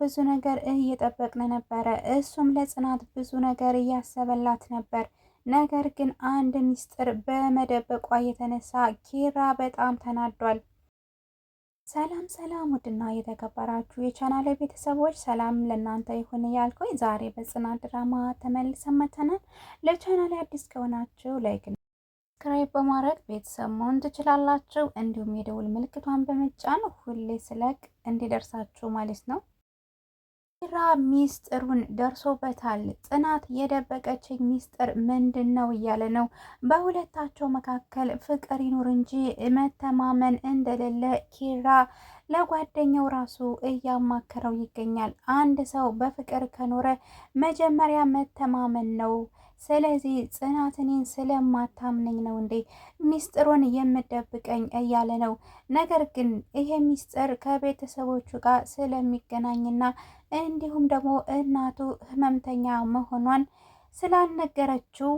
ብዙ ነገር እየጠበቅን ነበረ። እሱም ለጽናት ብዙ ነገር እያሰበላት ነበር። ነገር ግን አንድ ሚስጥር በመደበቋ የተነሳ ኪራ በጣም ተናዷል። ሰላም ሰላም! ውድና የተከበራችሁ የቻናል ቤተሰቦች ሰላም ለእናንተ ይሁን እያልኩኝ ዛሬ በጽናት ድራማ ተመልሰን ለቻናል አዲስ ከሆናችሁ ላይክ፣ ሰብስክራይብ በማድረግ ቤተሰብ መሆን ትችላላችሁ። እንዲሁም የደውል ምልክቷን በመጫን ሁሌ ስለቅ እንዲደርሳችሁ ማለት ነው ኪራ ሚስጥሩን ደርሶበታል። ጽናት የደበቀችኝ ሚስጥር ምንድን ነው እያለ ነው። በሁለታቸው መካከል ፍቅር ይኑር እንጂ መተማመን እንደሌለ ኪራ ለጓደኛው ራሱ እያማከረው ይገኛል። አንድ ሰው በፍቅር ከኖረ መጀመሪያ መተማመን ነው ስለዚህ ጽናት እኔን ስለማታምነኝ ነው እንዴ ሚስጥሩን የምደብቀኝ እያለ ነው። ነገር ግን ይሄ ሚስጥር ከቤተሰቦቹ ጋር ስለሚገናኝና እንዲሁም ደግሞ እናቱ ህመምተኛ መሆኗን ስላልነገረችው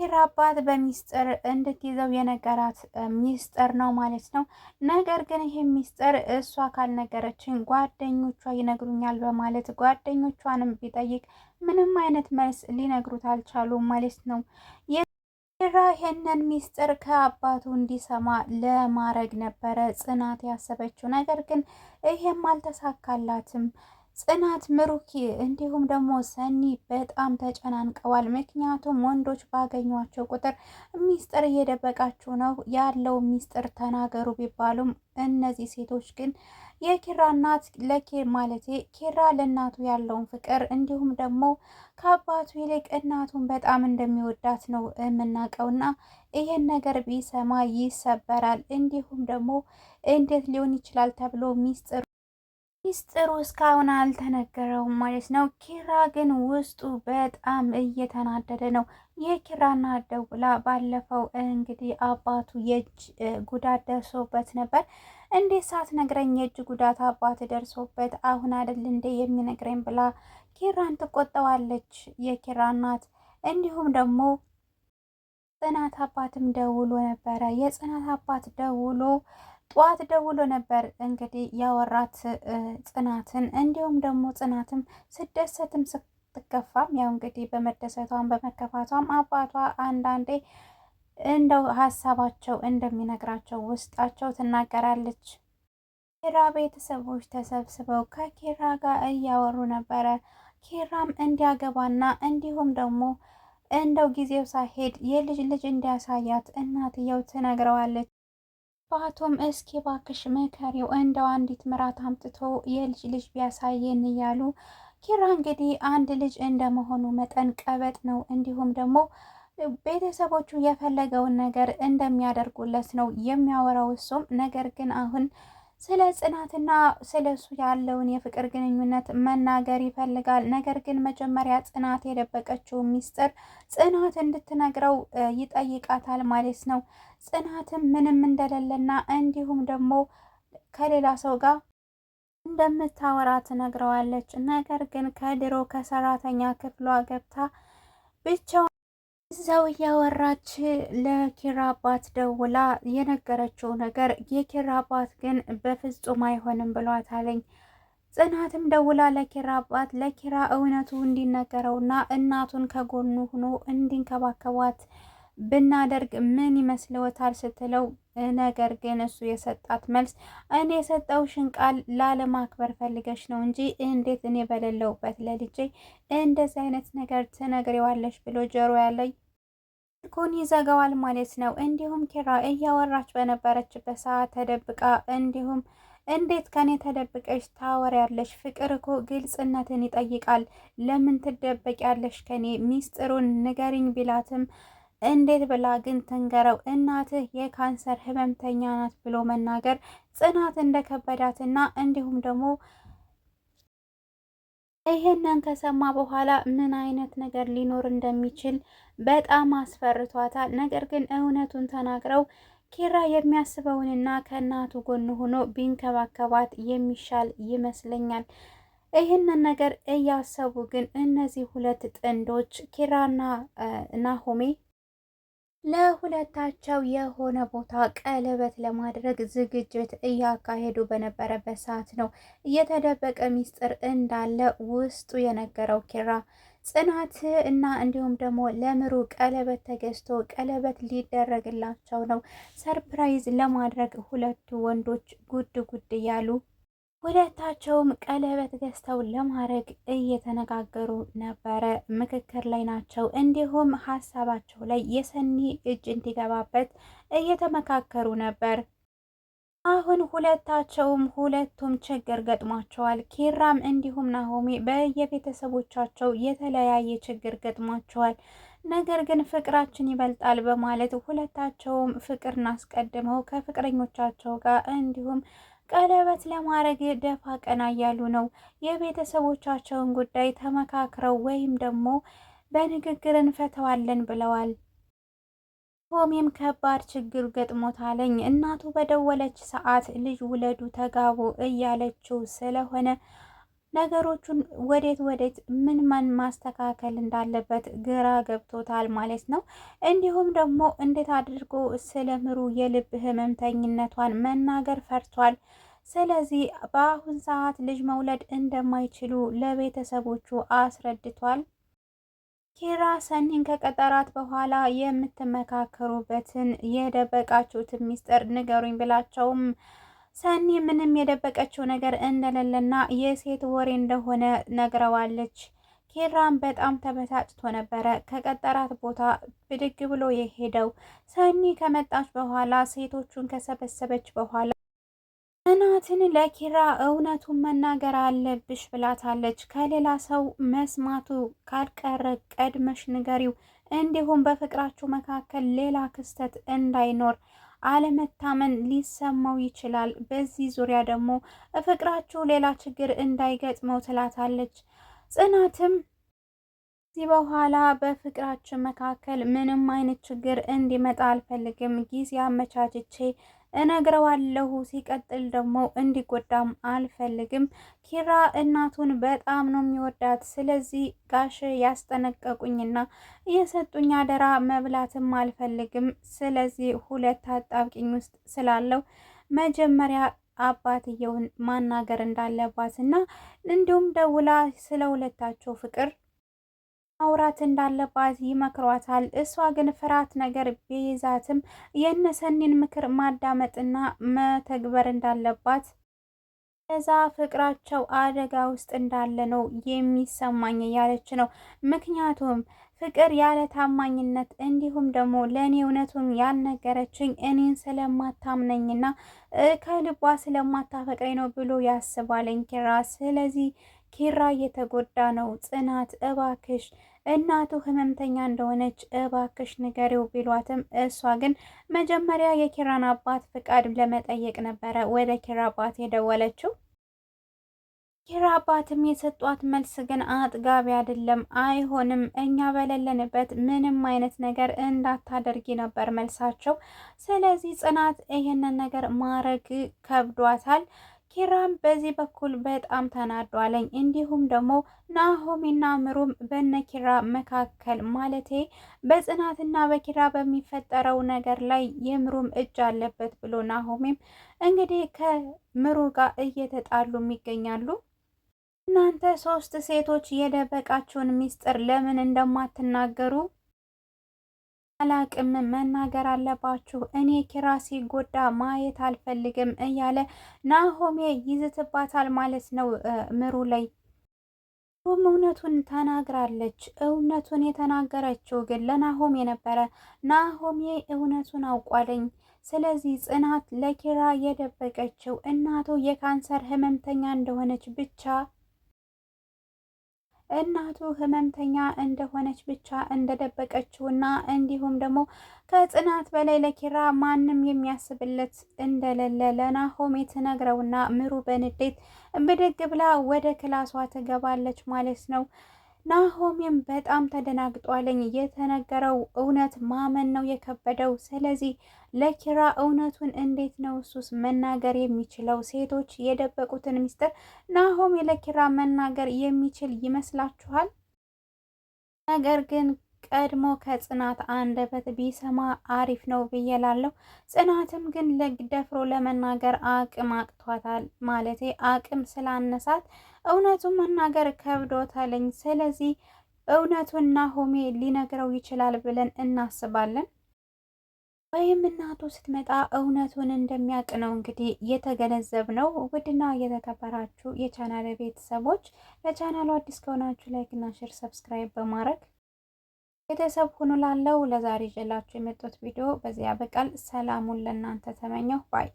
የኪራ አባት በሚስጥር እንድትይዘው የነገራት ሚስጥር ነው ማለት ነው። ነገር ግን ይህ ሚስጥር እሷ ካልነገረችን ጓደኞቿ ይነግሩኛል በማለት ጓደኞቿንም ቢጠይቅ ምንም አይነት መልስ ሊነግሩት አልቻሉም ማለት ነው። ኪራ ይህንን ሚስጥር ከአባቱ እንዲሰማ ለማድረግ ነበረ ጽናት ያሰበችው። ነገር ግን ይህም አልተሳካላትም። ጽናት፣ ምሩኪ እንዲሁም ደግሞ ሰኒ በጣም ተጨናንቀዋል። ምክንያቱም ወንዶች ባገኟቸው ቁጥር ሚስጥር እየደበቃችሁ ነው ያለው ሚስጥር ተናገሩ ቢባሉም እነዚህ ሴቶች ግን የኪራ እናት ለኬ ማለቴ ኪራ ለእናቱ ያለውን ፍቅር እንዲሁም ደግሞ ከአባቱ ይልቅ እናቱን በጣም እንደሚወዳት ነው የምናውቀውና ይህን ነገር ቢሰማ ይሰበራል። እንዲሁም ደግሞ እንዴት ሊሆን ይችላል ተብሎ ሚስጥር ሚስጥሩ እስካሁን አልተነገረውም ማለት ነው። ኪራ ግን ውስጡ በጣም እየተናደደ ነው። የኪራና ደውላ ባለፈው እንግዲህ አባቱ የእጅ ጉዳት ደርሶበት ነበር። እንዴት ሳትነግረኝ የእጅ ጉዳት አባት ደርሶበት አሁን አይደል እንዴ የሚነግረኝ ብላ ኪራን ትቆጠዋለች የኪራ እናት። እንዲሁም ደግሞ ጽናት አባትም ደውሎ ነበረ የጽናት አባት ደውሎ ጠዋት ደውሎ ነበር እንግዲህ ያወራት ጽናትን እንዲሁም ደግሞ ጽናትም ስደሰትም ስትከፋም ያው እንግዲህ በመደሰቷም በመከፋቷም አባቷ አንዳንዴ እንደው ሀሳባቸው እንደሚነግራቸው ውስጣቸው ትናገራለች። ኪራ ቤተሰቦች ተሰብስበው ከኪራ ጋር እያወሩ ነበረ። ኪራም እንዲያገባና እንዲሁም ደግሞ እንደው ጊዜው ሳይሄድ የልጅ ልጅ እንዲያሳያት እናትየው ትነግረዋለች። በአቶም እስኪ ባክሽ መከሪው እንደው አንዲት ምራት አምጥቶ የልጅ ልጅ ቢያሳየን እያሉ ኪራ እንግዲህ አንድ ልጅ እንደመሆኑ መጠን ቀበጥ ነው። እንዲሁም ደግሞ ቤተሰቦቹ የፈለገውን ነገር እንደሚያደርጉለት ነው የሚያወራው እሱም ነገር ግን አሁን ስለ ጽናትና ስለ እሱ ያለውን የፍቅር ግንኙነት መናገር ይፈልጋል። ነገር ግን መጀመሪያ ጽናት የደበቀችው ሚስጥር ጽናት እንድትነግረው ይጠይቃታል ማለት ነው። ጽናትም ምንም እንደሌለና እንዲሁም ደግሞ ከሌላ ሰው ጋር እንደምታወራ ትነግረዋለች። ነገር ግን ከድሮ ከሰራተኛ ክፍሏ ገብታ ብቻ በዛው እያወራች ለኪራ አባት ደውላ የነገረችው ነገር የኪራ አባት ግን በፍጹም አይሆንም ብሏታለኝ። ጽናትም ደውላ ለኪራ አባት ለኪራ እውነቱ እንዲነገረውና እናቱን ከጎኑ ሆኖ እንዲንከባከቧት ብናደርግ ምን ይመስልዎታል ስትለው፣ ነገር ግን እሱ የሰጣት መልስ እኔ የሰጠውሽን ቃል ላለማክበር ፈልገሽ ነው እንጂ እንዴት እኔ በሌለውበት ለልጄ እንደዚህ አይነት ነገር ትነግሪዋለሽ ብሎ ጆሮ ያለኝ ስልኩን ይዘጋዋል ማለት ነው። እንዲሁም ኪራ እያወራች በነበረችበት ሰዓት ተደብቃ እንዲሁም እንዴት ከኔ ተደብቀሽ ታወሪያለሽ? ፍቅር እኮ ግልጽነትን ይጠይቃል። ለምን ትደበቂያለሽ ከኔ? ሚስጥሩን ንገሪኝ ቢላትም እንዴት ብላ ግን ትንገረው? እናትህ የካንሰር ህመምተኛ ናት ብሎ መናገር ጽናት እንደከበዳትና እንዲሁም ደግሞ ይሄንን ከሰማ በኋላ ምን አይነት ነገር ሊኖር እንደሚችል በጣም አስፈርቷታል። ነገር ግን እውነቱን ተናግረው ኪራ የሚያስበውንና ከእናቱ ጎን ሆኖ ቢንከባከባት የሚሻል ይመስለኛል። ይህንን ነገር እያሰቡ ግን እነዚህ ሁለት ጥንዶች ኪራና ናሆሜ ለሁለታቸው የሆነ ቦታ ቀለበት ለማድረግ ዝግጅት እያካሄዱ በነበረበት ሰዓት ነው እየተደበቀ ሚስጥር እንዳለ ውስጡ የነገረው ኪራ። ጽናት እና እንዲሁም ደግሞ ለምሩ ቀለበት ተገዝቶ ቀለበት ሊደረግላቸው ነው። ሰርፕራይዝ ለማድረግ ሁለቱ ወንዶች ጉድ ጉድ እያሉ ሁለታቸውም ቀለበት ገዝተው ለማድረግ እየተነጋገሩ ነበረ። ምክክር ላይ ናቸው። እንዲሁም ሀሳባቸው ላይ የሰኒ እጅ እንዲገባበት እየተመካከሩ ነበር። አሁን ሁለታቸውም ሁለቱም ችግር ገጥሟቸዋል። ኪራም እንዲሁም ናሆሚ በየቤተሰቦቻቸው የተለያየ ችግር ገጥሟቸዋል። ነገር ግን ፍቅራችን ይበልጣል በማለት ሁለታቸውም ፍቅርን አስቀድመው ከፍቅረኞቻቸው ጋር እንዲሁም ቀለበት ለማድረግ ደፋ ቀና እያሉ ነው። የቤተሰቦቻቸውን ጉዳይ ተመካክረው ወይም ደግሞ በንግግር እንፈተዋለን ብለዋል። ሆሜም ከባድ ችግር ገጥሞታለኝ። እናቱ በደወለች ሰዓት ልጅ ውለዱ፣ ተጋቡ እያለችው ስለሆነ ነገሮቹን ወዴት ወዴት ምን ምን ማስተካከል እንዳለበት ግራ ገብቶታል ማለት ነው። እንዲሁም ደግሞ እንዴት አድርጎ ስለ ምሩ የልብ ህመምተኝነቷን መናገር ፈርቷል። ስለዚህ በአሁን ሰዓት ልጅ መውለድ እንደማይችሉ ለቤተሰቦቹ አስረድቷል። ኪራ ሰኒን ከቀጠራት በኋላ የምትመካከሩበትን የደበቃችሁትን ሚስጥር ንገሩኝ ብላቸውም ሰኒ ምንም የደበቀችው ነገር እንደሌለና የሴት ወሬ እንደሆነ ነግረዋለች። ኬራም በጣም ተበሳጭቶ ነበረ። ከቀጠራት ቦታ ብድግ ብሎ የሄደው ሰኒ ከመጣች በኋላ ሴቶቹን ከሰበሰበች በኋላ እናትን ለኪራ እውነቱን መናገር አለብሽ ብላታለች። ከሌላ ሰው መስማቱ ካልቀረ ቀድመሽ ንገሪው፣ እንዲሁም በፍቅራችሁ መካከል ሌላ ክስተት እንዳይኖር አለመታመን ሊሰማው ይችላል። በዚህ ዙሪያ ደግሞ ፍቅራቸው ሌላ ችግር እንዳይገጥመው ትላታለች። ጽናትም ከዚህ በኋላ በፍቅራችን መካከል ምንም አይነት ችግር እንዲመጣ አልፈልግም፣ ጊዜ አመቻችቼ እነግረዋለሁ። ሲቀጥል ደግሞ እንዲጎዳም አልፈልግም። ኪራ እናቱን በጣም ነው የሚወዳት። ስለዚህ ጋሽ ያስጠነቀቁኝና የሰጡኝ አደራ መብላትም አልፈልግም። ስለዚህ ሁለት አጣብቂኝ ውስጥ ስላለው መጀመሪያ አባትየውን ማናገር እንዳለባት እና እንዲሁም ደውላ ስለ ሁለታቸው ፍቅር ማውራት እንዳለባት ይመክሯታል። እሷ ግን ፍርሃት ነገር ቢይዛትም የነሰኒን ምክር ማዳመጥና መተግበር እንዳለባት እዛ ፍቅራቸው አደጋ ውስጥ እንዳለ ነው የሚሰማኝ ያለች ነው። ምክንያቱም ፍቅር ያለ ታማኝነት እንዲሁም ደግሞ ለእኔ እውነቱን ያልነገረችኝ እኔን ስለማታምነኝና ከልቧ ስለማታፈቅረኝ ነው ብሎ ያስባለኝ ኪራ ስለዚህ ኪራ እየተጎዳ ነው። ጽናት እባክሽ እናቱ ህመምተኛ እንደሆነች እባክሽ ንገሪው ቢሏትም እሷ ግን መጀመሪያ የኪራን አባት ፍቃድ ለመጠየቅ ነበረ ወደ ኪራ አባት የደወለችው። ኪራ አባትም የሰጧት መልስ ግን አጥጋቢ አይደለም። አይሆንም፣ እኛ በሌለንበት ምንም አይነት ነገር እንዳታደርጊ ነበር መልሳቸው። ስለዚህ ጽናት ይህንን ነገር ማረግ ከብዷታል። ኪራም በዚህ በኩል በጣም ተናዷለኝ። እንዲሁም ደግሞ ናሆሚና ምሩም በነኪራ መካከል ማለቴ በጽናትና በኪራ በሚፈጠረው ነገር ላይ የምሩም እጅ አለበት ብሎ ናሆሚም እንግዲህ ከምሩ ጋር እየተጣሉም ይገኛሉ። እናንተ ሶስት ሴቶች የደበቃችሁን ሚስጥር ለምን እንደማትናገሩ አላቅም መናገር አለባችሁ፣ እኔ ኪራ ሲጎዳ ማየት አልፈልግም እያለ ናሆሜ ይዝትባታል ማለት ነው ምሩ ላይ። ሁም እውነቱን ተናግራለች። እውነቱን የተናገረችው ግን ለናሆሜ ነበረ። ናሆሜ እውነቱን አውቋለኝ። ስለዚህ ጽናት ለኪራ የደበቀችው እናቱ የካንሰር ህመምተኛ እንደሆነች ብቻ እናቱ ህመምተኛ እንደሆነች ብቻ እንደደበቀችውና እንዲሁም ደግሞ ከጽናት በላይ ለኪራ ማንም የሚያስብለት እንደሌለ ለናሆሜ ትነግረውና ምሩ በንዴት ብድግ ብላ ወደ ክላሷ ትገባለች ማለት ነው። ናሆሜም በጣም ተደናግጧለኝ። የተነገረው እውነት ማመን ነው የከበደው። ስለዚህ ለኪራ እውነቱን እንዴት ነው እሱስ መናገር የሚችለው? ሴቶች የደበቁትን ምስጢር ናሆሜ ለኪራ መናገር የሚችል ይመስላችኋል? ነገር ግን ቀድሞ ከጽናት አንደበት ቢሰማ አሪፍ ነው ብዬ ጽናትም ግን ደፍሮ ለመናገር አቅም አቅቷታል። ማለቴ አቅም ስላነሳት እውነቱን መናገር ከብዶታለኝ። ስለዚህ እውነቱን ናሆሜ ሊነግረው ይችላል ብለን እናስባለን። ወይም እናቱ ስትመጣ እውነቱን እንደሚያውቅ ነው እንግዲህ እየተገነዘብ ነው ውድና የተከበራችሁ የቻናል ቤተሰቦች ለቻናሉ አዲስ ከሆናችሁ ላይክና ሼር፣ ሰብስክራይብ በማድረግ ቤተሰብ ሁኑ ላለው ለዛሬ ይዤላችሁ የመጡት ቪዲዮ በዚህ ያበቃል። ሰላሙን ለእናንተ ተመኘሁ ባይ